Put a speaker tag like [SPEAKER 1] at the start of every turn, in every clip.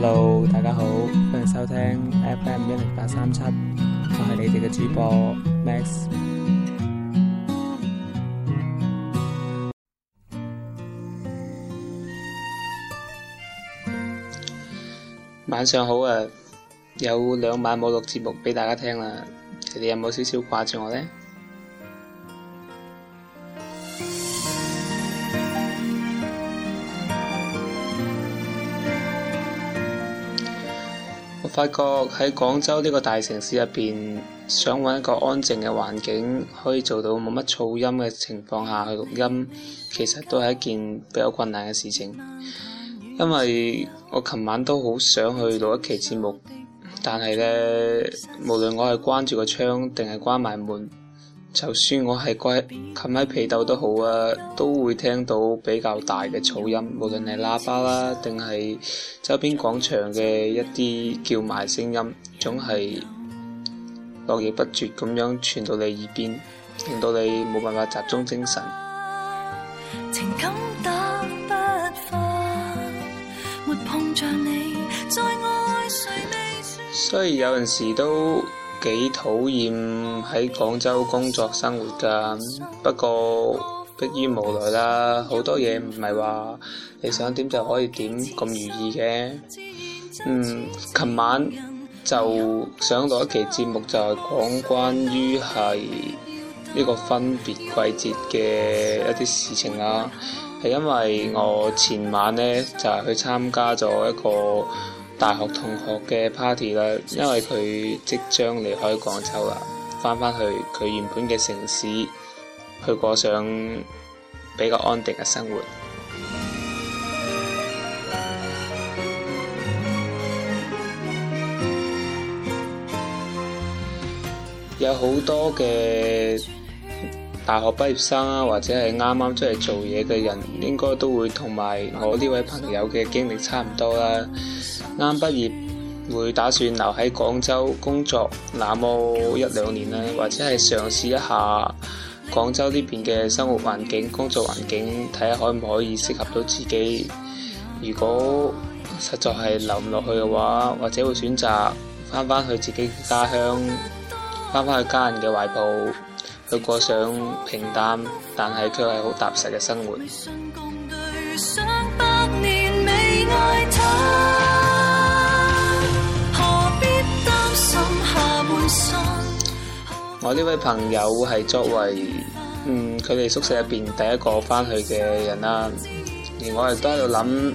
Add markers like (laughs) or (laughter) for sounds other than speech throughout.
[SPEAKER 1] hello，大家好，歡迎收聽 FM 一零八三七，我係你哋嘅主播 Max。晚上好啊，有兩晚冇錄節目畀大家聽啦，你哋有冇少少掛住我咧？發覺喺廣州呢個大城市入邊，想揾一個安靜嘅環境，可以做到冇乜噪音嘅情況下去錄音，其實都係一件比較困難嘅事情。因為我琴晚都好想去錄一期節目，但係呢，無論我係關住個窗定係關埋門。就算我係蓋冚喺被竇都好啊，都會聽到比較大嘅噪音，無論係喇叭啦，定係周邊廣場嘅一啲叫賣聲音，總係絡繹不絕咁樣傳到你耳邊，令到你冇辦法集中精神。
[SPEAKER 2] 情感不碰着你，再
[SPEAKER 1] 雖然有陣時都。幾討厭喺廣州工作生活噶，不過迫於無奈啦，好多嘢唔係話你想點就可以點咁如意嘅。嗯，琴晚就上到一期節目，就係講關於係呢個分別季節嘅一啲事情啦，係因為我前晚呢，就係、是、去參加咗一個。大學同學嘅 party 啦，因為佢即將離開廣州啦，翻返去佢原本嘅城市，去過上比較安定嘅生活。 (music) 有好多嘅大學畢業生啊，或者係啱啱出嚟做嘢嘅人，應該都會同埋我呢位朋友嘅經歷差唔多啦。啱畢業會打算留喺廣州工作那麼一兩年呢，或者係嘗試一下廣州呢邊嘅生活環境、工作環境，睇下可唔可以適合到自己。如果實在係留唔落去嘅話，或者會選擇翻返去自己嘅家鄉，翻返去家人嘅懷抱，去過上平淡但係卻係好踏實嘅生活。 (music) 我呢位朋友係作為嗯，佢哋宿舍入邊第一個翻去嘅人啦、啊，而我亦都喺度諗，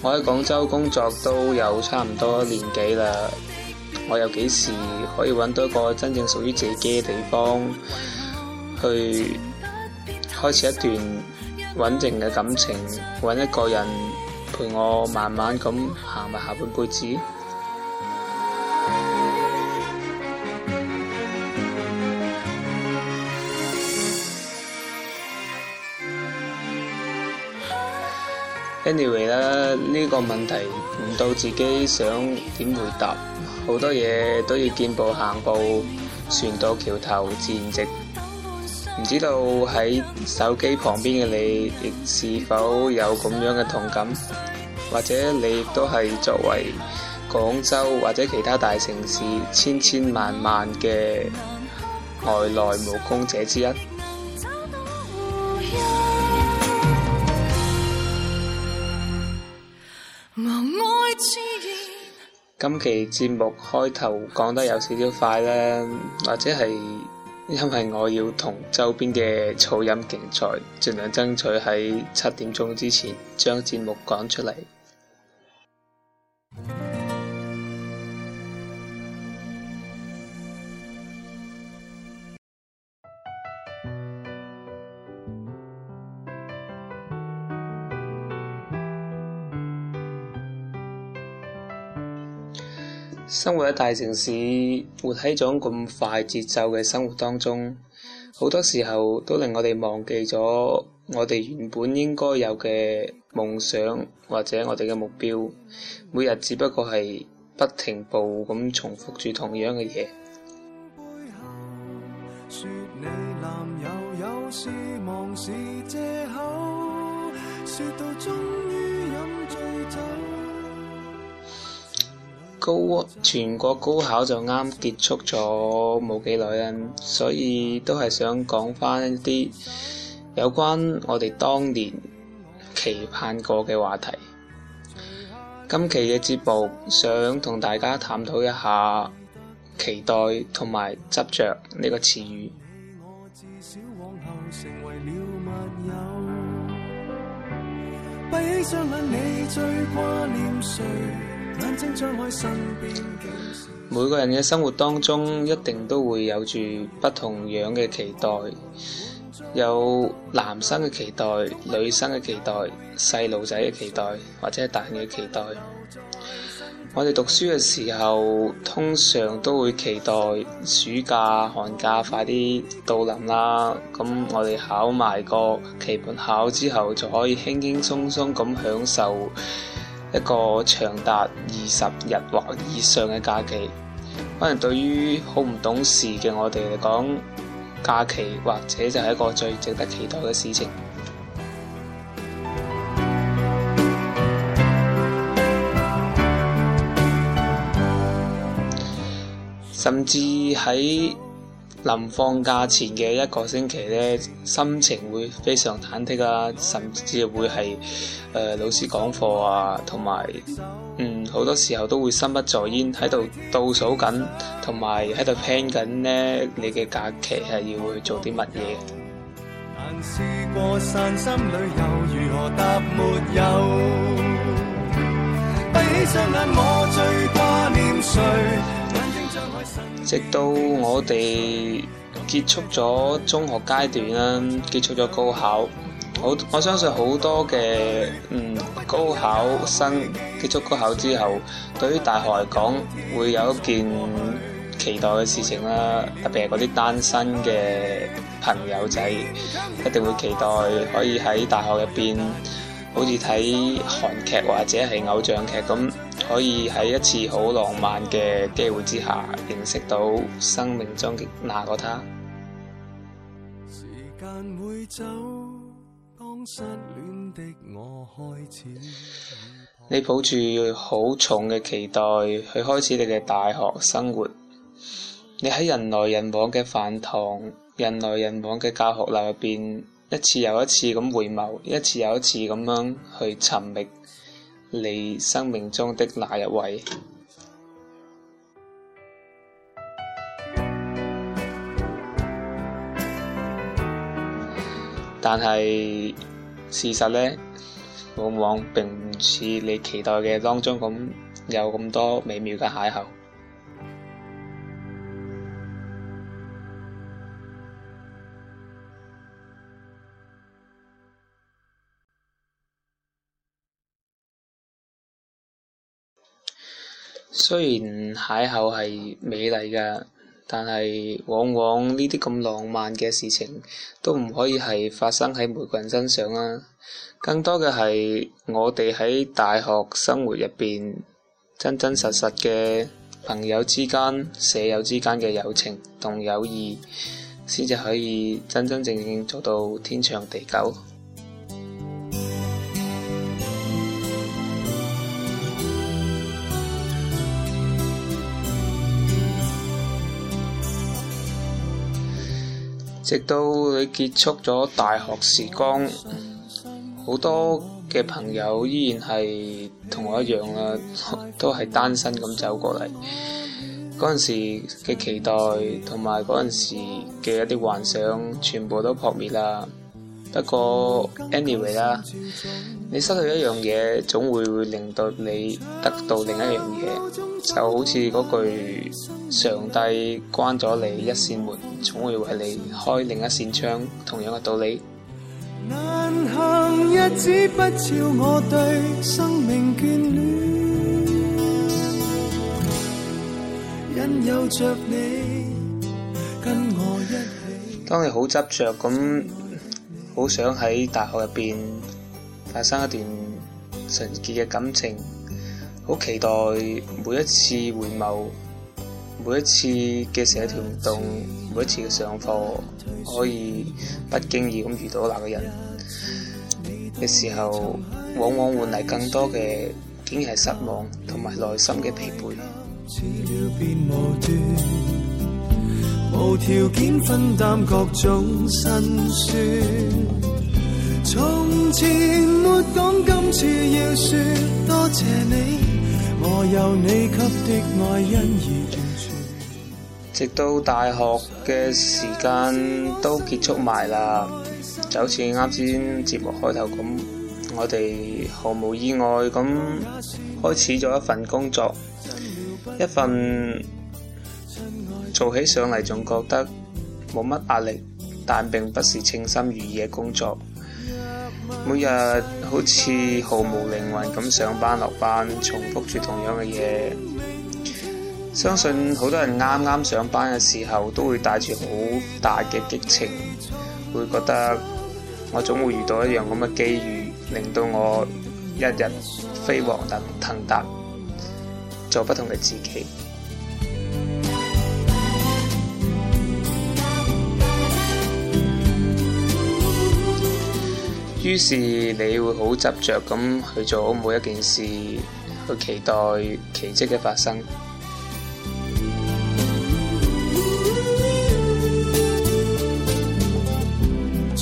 [SPEAKER 1] 我喺廣州工作都有差唔多年幾啦，我又幾時可以揾到一個真正屬於自己嘅地方，去開始一段穩定嘅感情，揾一個人陪我慢慢咁行埋下半輩子。Anyway 啦，呢個問題唔到自己想點回答，好多嘢都要見步行步，船到橋頭自然直。唔知道喺手機旁邊嘅你，亦是否有咁樣嘅同感？或者你亦都係作為廣州或者其他大城市千千萬萬嘅外來務工者之一。今期節目開頭講得有少少快啦，或者係因為我要同周邊嘅噪音競賽，盡量爭取喺七點鐘之前將節目講出嚟。生活喺大城市，活喺咗咁快節奏嘅生活當中，好多時候都令我哋忘記咗我哋原本應該有嘅夢想，或者我哋嘅目標，每日只不過係不停步咁重複住同樣嘅嘢。
[SPEAKER 2] 說你男友有事，忙係借口。說到終於飲醉酒
[SPEAKER 1] 高，全國高考就啱結束咗冇幾耐啦，所以都係想講翻一啲有關我哋當年期盼過嘅話題。今期嘅節目想同大家探討一下期待同埋執着呢個詞語。 (music)
[SPEAKER 2] 眼睛張開，
[SPEAKER 1] 每個人嘅生活當中，一定都會有住不同樣嘅期待，有男生嘅期待、女生嘅期待、細路仔嘅期待或者係大人嘅期待。我哋讀書嘅時候，通常都會期待暑假、寒假，寒假快啲到臨啦。咁我哋考埋個期末考之後，就可以輕輕鬆鬆咁享受。一個長達二十日或以上嘅假期，可能對於好唔懂事嘅我哋嚟講，假期或者就係一個最值得期待嘅事情，甚至喺，臨放假前嘅一個星期咧，心情會非常忐忑啊，甚至會係誒、呃、老師講課啊，同埋嗯好多時候都會心不在焉喺度倒數緊，同埋喺度聽緊呢，你嘅假期係要去做啲乜
[SPEAKER 2] 嘢。 (music)
[SPEAKER 1] 直到我哋結束咗中學階段啦，結束咗高考，好，我相信好多嘅嗯高考生結束高考之後，對於大學嚟講會有一件期待嘅事情啦，特別係嗰啲單身嘅朋友仔一定會期待可以喺大學入邊好似睇韓劇或者係偶像劇咁。可以喺一次好浪漫嘅機會之下認識到生命中嘅
[SPEAKER 2] 那個他。
[SPEAKER 1] 你抱住好重嘅期待去開始你嘅大學生活，你喺人來人往嘅飯堂、人來人往嘅教學樓入邊，一次又一次咁回眸，一次又一次咁樣去尋覓。你生命中的那一位？但係事實咧，往往並唔似你期待嘅當中咁，有咁多美妙嘅邂逅。雖然邂逅係美麗噶但係往往呢啲咁浪漫嘅事情都唔可以係發生喺每個人身上啊。更多嘅係我哋喺大學生活入邊真真實實嘅朋友之間、舍友之間嘅友情同友誼，先至可以真真正正做到天長地久。直到你結束咗大學時光，好多嘅朋友依然係同我一樣啦、啊，都係單身咁走過嚟。嗰陣時嘅期待同埋嗰陣時嘅一啲幻想，全部都破滅啦。不過 anyway 啦，Anyway, 你失去一樣嘢，總會會令到你得到另一樣嘢，就好似嗰句，上帝關咗你一扇門，總會為你開另一扇窗，同樣嘅道理。
[SPEAKER 2] 你跟我一起
[SPEAKER 1] 當你好執着咁。好想喺大學入邊發生一段純潔嘅感情，好期待每一次回眸，每一次嘅社團活動，每一次嘅上課，可以不經意咁遇到那個人嘅時候，往往換嚟更多嘅，竟然係失望同埋內心嘅疲
[SPEAKER 2] 憊。無條件分擔各種
[SPEAKER 1] 直到大學嘅時間都結束埋啦，就好似啱先節目開頭咁，我哋毫無意外咁開始咗一份工作，一份。做起上嚟仲覺得冇乜壓力，但並不是稱心如意嘅工作。每日好似毫無靈魂咁上班落班，重複住同樣嘅嘢。相信好多人啱啱上班嘅時候都會帶住好大嘅激情，會覺得我總會遇到一樣咁嘅機遇，令到我一日飛黃騰騰達，做不同嘅自己。於是你會好執着咁去做好每一件事，去期待奇蹟嘅發生。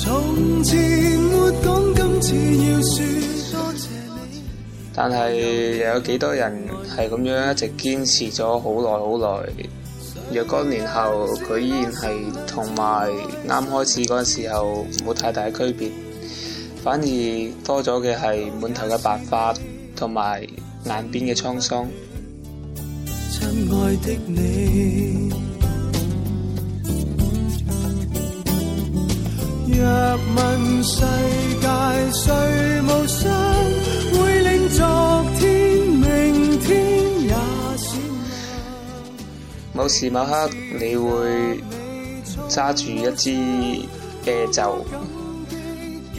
[SPEAKER 2] 嗯、謝謝，
[SPEAKER 1] 但係又有幾多人係咁樣一直堅持咗好耐好耐？若干年後，佢依然係同埋啱開始嗰陣時候冇太大嘅區別。反而多咗嘅係滿頭嘅白髮，同埋眼邊嘅滄桑。
[SPEAKER 2] 親愛的你， (music) (music) 若問世界誰無雙，會令昨天、明天也閃亮
[SPEAKER 1] (music) 某時某刻，你會揸住一支啤酒。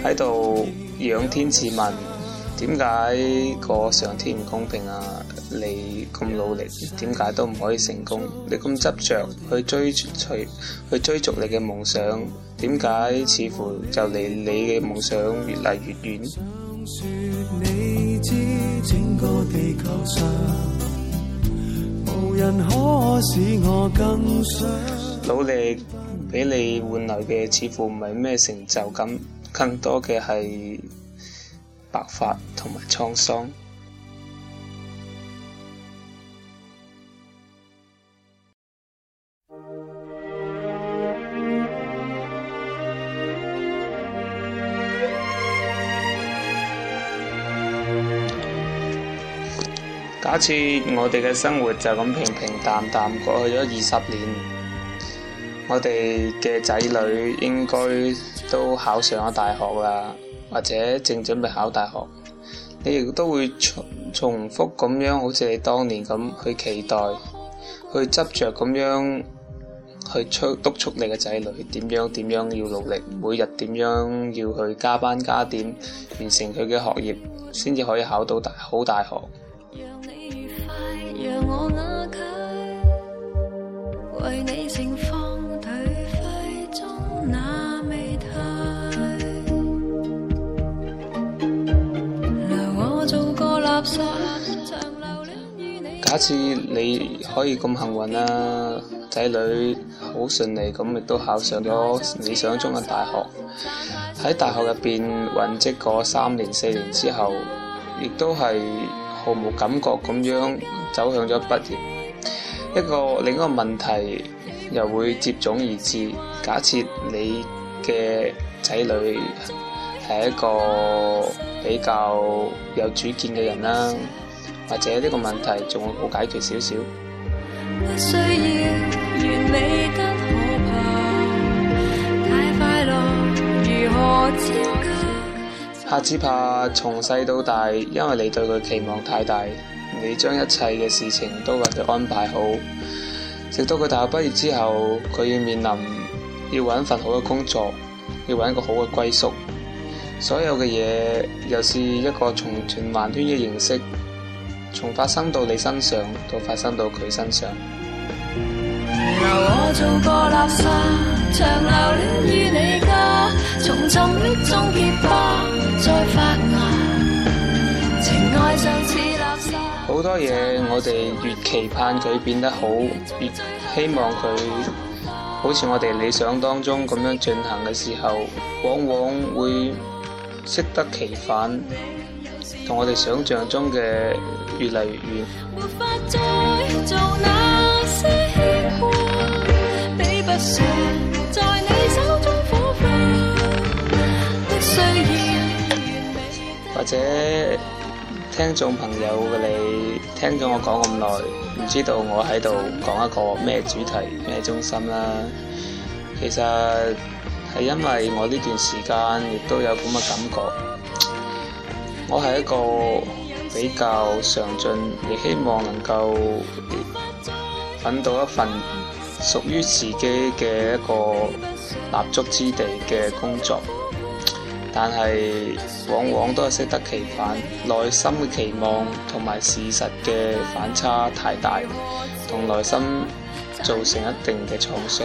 [SPEAKER 1] 喺度仰天自問，點解個上天唔公平啊？你咁努力，點解都唔可以成功？你咁執著去追隨，去追逐你嘅夢想，點解似乎就離你嘅夢想越嚟越遠？努力畀你換來嘅，似乎唔係咩成就感。更多嘅係白髮同埋滄桑。假設我哋嘅生活就咁平平淡淡過去咗二十年。我哋嘅仔女應該都考上咗大學啦，或者正準備考大學，你亦都會重重複咁樣，好似你當年咁去期待，去執着咁樣去催督促你嘅仔女點樣點樣要努力，每日點樣要去加班加點完成佢嘅學業，先至可以考到大好大學。假設你可以咁幸運啦、啊，仔女好順利咁，亦都考上咗理想中嘅大學。喺大學入邊混跡過三年四年之後，亦都係毫無感覺咁樣走向咗畢業。一個另一個問題又會接踵而至。假設你嘅仔女係一個比較有主見嘅人啦、啊。或者呢個問題仲會好解決少少
[SPEAKER 2] (music) 。
[SPEAKER 1] 下次怕從細到大，因為你對佢期望太大，你將一切嘅事情都為佢安排好，直到佢大學畢業之後，佢要面臨要揾份好嘅工作，要揾一個好嘅歸宿，所有嘅嘢又是一個從循環圈嘅形式。從發生到你身上，到發生到佢身上。好 (music) 多嘢，我哋越期盼佢變得好，越希望佢好似我哋理想當中咁樣進行嘅時候，往往會適得其反。同我哋想象中嘅越嚟越
[SPEAKER 2] 遠，
[SPEAKER 1] 或者聽眾朋友嘅你聽咗我講咁耐，唔知道我喺度講一個咩主題咩中心啦、啊。其實係因為我呢段時間亦都有咁嘅感覺。我係一個比較上進，亦希望能夠揾到一份屬於自己嘅一個立足之地嘅工作，但係往往都係適得其反，內心嘅期望同埋事實嘅反差太大，同內心造成一定嘅創傷。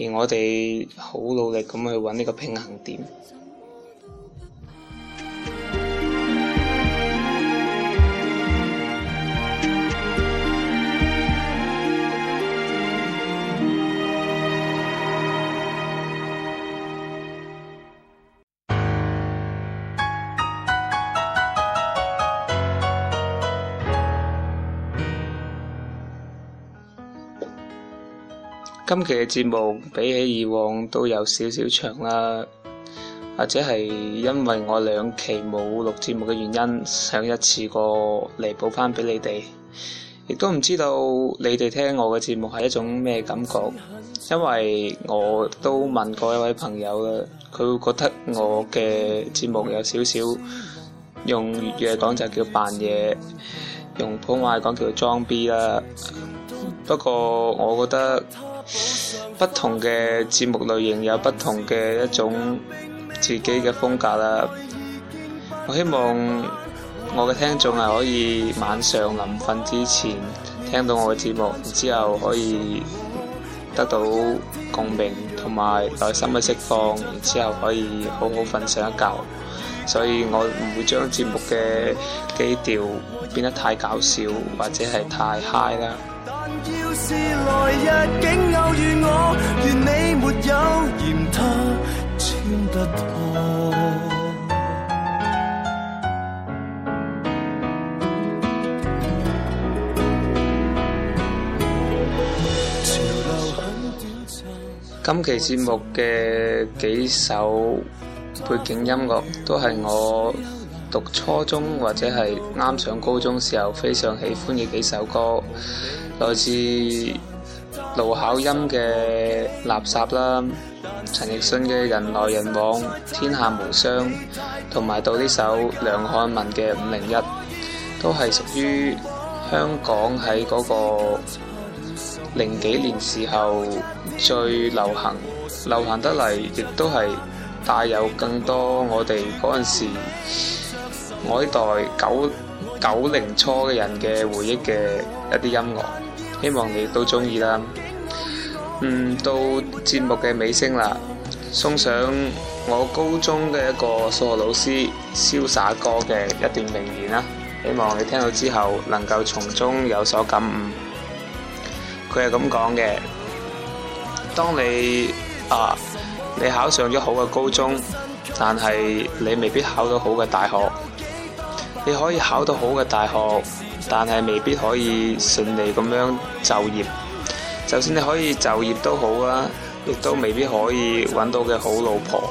[SPEAKER 1] 而我哋好努力咁去揾呢個平衡點。今期嘅節目比起以往都有少少長啦，或者係因為我兩期冇錄節目嘅原因，想一次過彌補翻俾你哋，亦都唔知道你哋聽我嘅節目係一種咩感覺，因為我都問過一位朋友啦，佢會覺得我嘅節目有少少用粵語嚟講就叫扮嘢，用普通話講叫裝逼啦。不過我覺得。不同嘅節目類型有不同嘅一種自己嘅風格啦。我希望我嘅聽眾係可以晚上臨瞓之前聽到我嘅節目，然之後可以得到共鳴同埋內心嘅釋放，然之後可以好好瞓上一覺。所以我唔會將節目嘅基調變得太搞笑或者係太嗨啦。今期節目嘅幾首背景音樂，都係我讀初中或者係啱上高中時候非常喜歡嘅幾首歌。來自盧巧音嘅垃圾啦，陳奕迅嘅人來人往、天下無雙同埋到呢首梁漢文嘅五零一，都係屬於香港喺嗰個零幾年時候最流行，流行得嚟亦都係帶有更多我哋嗰陣時我呢代九九零初嘅人嘅回憶嘅一啲音樂。希望你都中意啦。嗯，到節目嘅尾聲啦，送上我高中嘅一個數學老師瀟灑哥嘅一段名言啦。希望你聽到之後能夠從中有所感悟。佢係咁講嘅：當你啊，你考上咗好嘅高中，但係你未必考到好嘅大學，你可以考到好嘅大學，但係未必可以順利咁樣就業。就算你可以就業都好啊，亦都未必可以揾到嘅好老婆。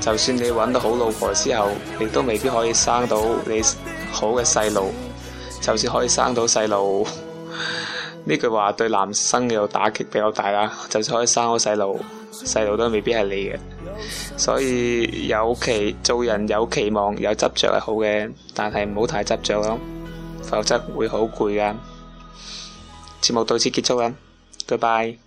[SPEAKER 1] 就算你揾到好老婆之後，亦都未必可以生到你好嘅細路。就算可以生到細路，呢 (laughs) 句話對男生嘅又打擊比較大啦。就算可以生好細路，細路都未必係你嘅。所以有期，做人有期望，有執着係好嘅，但係唔好太執着咯。否則會好攰㗎。節目到此結束啦，拜拜。